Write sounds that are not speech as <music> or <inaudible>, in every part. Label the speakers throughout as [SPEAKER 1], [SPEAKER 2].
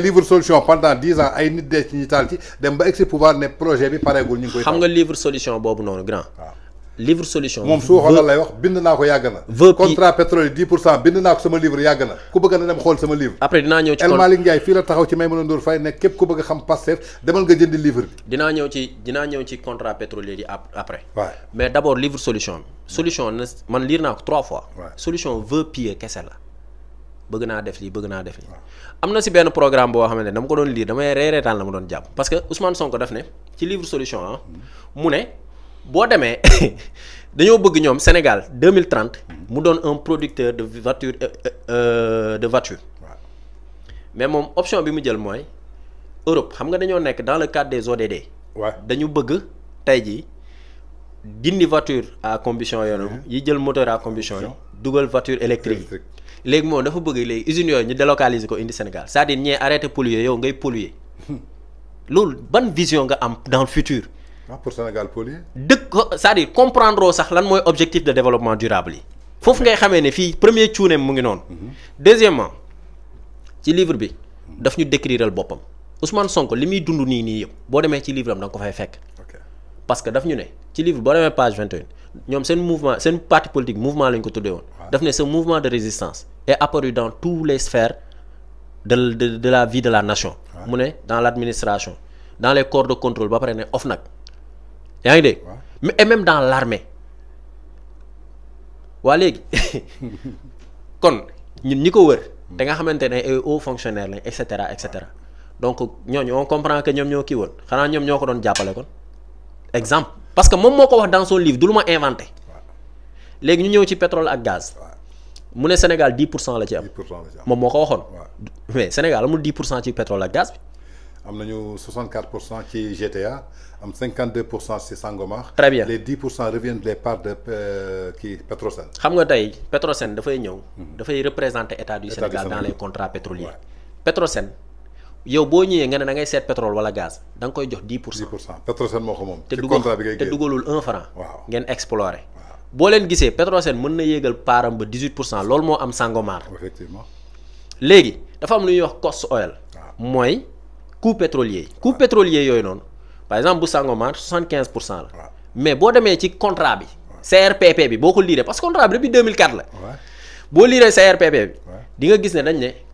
[SPEAKER 1] livre solution pendant dix ans ay nit dee ci dem ba pouvoir projet bi ñu koy. xam
[SPEAKER 2] livre solution Je vais grand. livre solution. mom su lay
[SPEAKER 1] wax bind na ko contrat pétrole 10% bind na livre yagana na ku bëgg na livre. après dina ñëw ci El Malick la ku bëgg xam demal nga livre
[SPEAKER 2] dina ñëw ci ñëw après. mais d'abord livre solution solution man lire trois fois. solution veut pied' bëgg naa def lii bëgg naa def lii am na si benn programme boo xamante ne dama ko doon lire damay reereetaan la ma doon jàpp parce que Ousmane ko daf ne ci livre solution ah, mu ne boo demee <laughs> dañoo bëgg ñoom Sénégal 2030 mu doon un producteur de voiture euh, euh, euh, de voiture mais moom option bi mu jël mooy Europe xam nga dañoo nekk dans le cadre des ODD waaw dañu bëgg tey jii dindi voiture à combustion yoonu mm-hmm. yi jël moteur à combustion dugal voiture électrique yi léegi dafa bëgg léegi usine yooyu ñu délocaliser ko indi Sénégal c'est-à-dire ñi arrêté polluer yow ngay polluer <laughs> lool ban vision nga am dans le futur
[SPEAKER 1] ah pour Sénégal polluer
[SPEAKER 2] deuk c'est-à-dire comprendre sax lan moy objectif de développement durable fofu ngay xamé né fi premier cuuneem mu ngi non mhm. deuxièmement ci livre bi daf ñu décriral bopam Ousmane Sonko limi muy dund ni nii yëpp boo demee ci livre am da nga ko fay fekk parce que daf ñu né ci livre bo démé page 21 ñoom seen mouvement seen parti politique mouvement lañ ko de woon. daf ne ce mouvement de résistance est apparu dans tous les sphères de de, de la vie de la nation. mu dans l'administration dans les corps de contrôle ba pare ne OFNAC yaa ngi dégg. et même dans l'armée armée <laughs> kon ñun ñi wër. da hmm. nga xamante ay hauts fonctionnaires lañ et cetera et cetera donc ñoñu on comprend que ñom ñoo ki won. Xana ñom ñoko don jappalé kon exemple parce que moi, moo dans son livre du l'ai inventé les ñu qui pétrole à gaz mu Sénégal 10 pour la ci am. 10 mais Sénégal 10 pour pétrole à gaz bi.
[SPEAKER 1] am nañu 64 qui est GTA 52 c'est Sangomar. très bien les 10 reviennent des parts de la euh, Petrosen.
[SPEAKER 2] xam nga tey Petrosen dafay ñëw. Mhm. représenter du Sénégal dans les contrats pétroliers Petrosen yow bo ñëwee nga né da ngay sét pétrole wala gaz dang koy jox 10 10 pour cent Petrosen ci contrat bi ngay té dugulul un franc. Wow. ngeen exploré. boo leen gisee Petrosen mën na yéegal paaram ba 18 lool mo am Sangomar. effectivement légui dafa am lu ñuy wax cost oil. moy coût pétrolier. coût pétrolier yoy non. par exemple bu Sangomar 75 la. mais bo démé ci contrat bi. CRPP bi boko liré parce que contrat bi depuis 2004 la. boo liiree CRPP bi. di nga gis né dañ né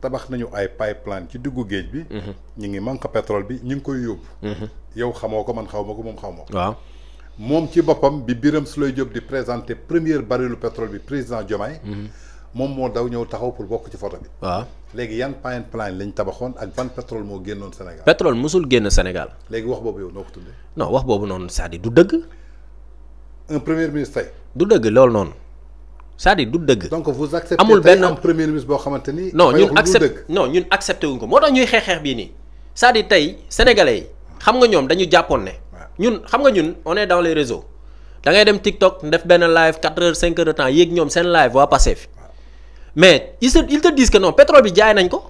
[SPEAKER 1] tabax nañu ay pipeline ci duggu géej bi. Mhm. ñu ngi manque pétrole bi ñu ngi koy yóbbu. Mhm. yow xamoo ko man xaw ma ko moom xaw ko. waaw moom ci boppam bi Birame Souleye Diop di présenter première barrilu pétrole bi président Diomaye. Mhm. moom moo daw ñëw taxaw pour bokk ci photo bi. waaw léegi yan pipeline lañ tabaxoon ak ban pétrole moo génnoon Sénégal.
[SPEAKER 2] pétrole mosul génn Sénégal.
[SPEAKER 1] léegi wax boobu yow noo ko tuddee.
[SPEAKER 2] non wax boobu noonu cest di du dëgg. un premier ministre tey. du dëgg loolu noonu
[SPEAKER 1] cest dit dire deug donc vous
[SPEAKER 2] acceptez amul benn
[SPEAKER 1] premier ministre bo xamanteni non ñun accepté
[SPEAKER 2] non ñun accepté wuñ ko moo tax ñuy xeex xeex bii nii c'est-à-dire sénégalais xam nga ñom dañu japon né ñun xam nga ñun on est dans les réseaux da ngay dem TikTok def ben live 4 h 5 h de temps yéeg ñom sen live wa passé mais ils te disent que non pétrole bi jaay nañ ko.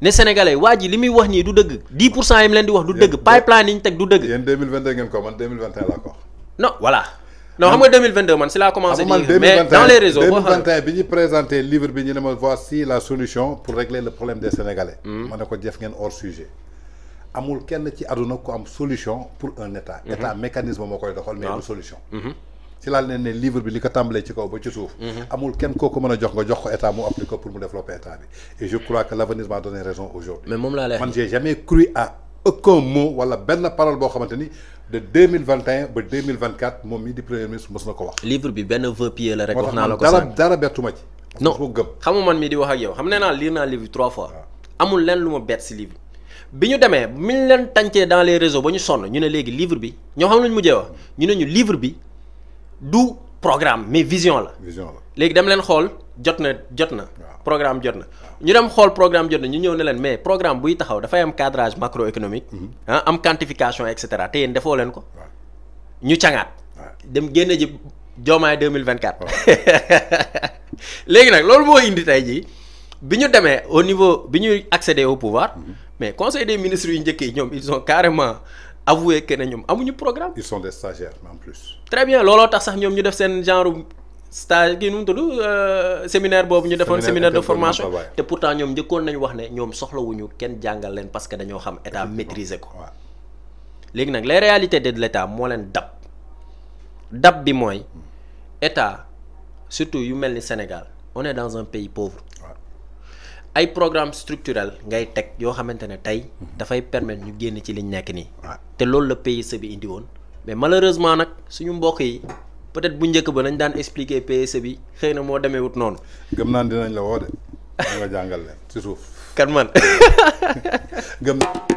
[SPEAKER 2] Les sénégalais waa limi wax ni du deug 10 de cent yi mu leen di wax du deug
[SPEAKER 1] pipeline niñ tek du deug yéen 2022 ngeen ko man 2021 non voilà. non xam nga
[SPEAKER 2] 2022 man si la commencé. Ah, mais dans les réseaux 2021
[SPEAKER 1] vais présenter le livre bi ñu ne ma voici la solution pour régler le problème des sénégalais. Hmm. ma ne ko jëf ngeen hors sujet. amul kenn ci aduna ko am solution pour un état. Hmm. état mécanisme mo koy doxal mais du solution. Hmm ci laal ne livre bi li ko tàmbalee ci kaw ba ci suuf. Mhm. amul kenn koo ko mën a jox nga jox ko état mu appliqué ko pour mu développer état bi et je crois que l' avenir m'a donné raison aujourd'hui mais moom laa lay man j'ai jamais cru à aucun mot wala benn parole boo xamante ni de 2021 ba 2024 mille vingt moom mii di premier ministre mës na ko wax. livre bi benn vœu pieux la rek. wax naa la ko dara dara bettu ci. non gëm
[SPEAKER 2] xamu man mii di wax ak yow xam ne naa lire naa livre bi trois fois. Ah. amul lenn lu ma bett si livre bi ñu demee mi leen tàncee dans les réseaux ba ñu sonn ñu ne léegi livre bi ñoo xam lu ñu mujjee wax ñu ne ñu livre bi du programme mais vision la. vision la léegi dem len xol jotna jotna programme jotna ñu dem xol programme jotna ñu ñew ne len mais programme buy taxaw fay am cadrage macroéconomique. Mhm. Ah, am quantification et cetera te defo len ko. ñu ciangat dem génné ji jomay 2024. légui nak lolu mo indi tay ji biñu démé au niveau biñu accéder au pouvoir mhm. mais conseil des ministres yu ñëkke ñom ils ont carrément avoué que ne ñoom amuñu programme. ils sont des stagiaires en plus. très bien lolo tax sax ñom ñu def sen genre stage gi ñu mu euh séminaire bobu ñu defon séminaire de formation té pourtant ñom njëkkoon nañ wax ne ñoom soxlawuñu kenn jàngal leen parce que dañoo xam état maîtriser ko. Légui nak les réalités de l'état mo leen dab dab bi moy hmm. état surtout yu melni Sénégal on est dans un pays pauvre. ay programme structurel ngay teg yoo xamante ne tey dafay permettre ñu génn ci liñ nekk nii. te loolu la PSE bi indi woon. mais malheureusement nag suñu mbokk yi peut-être bu njëkk ba nañ daan expliquer PSE bi xëy na moo demee wut noonu. gëm naan dinañ la woo de. nga jàngal
[SPEAKER 1] leen suuf. kan man <laughs>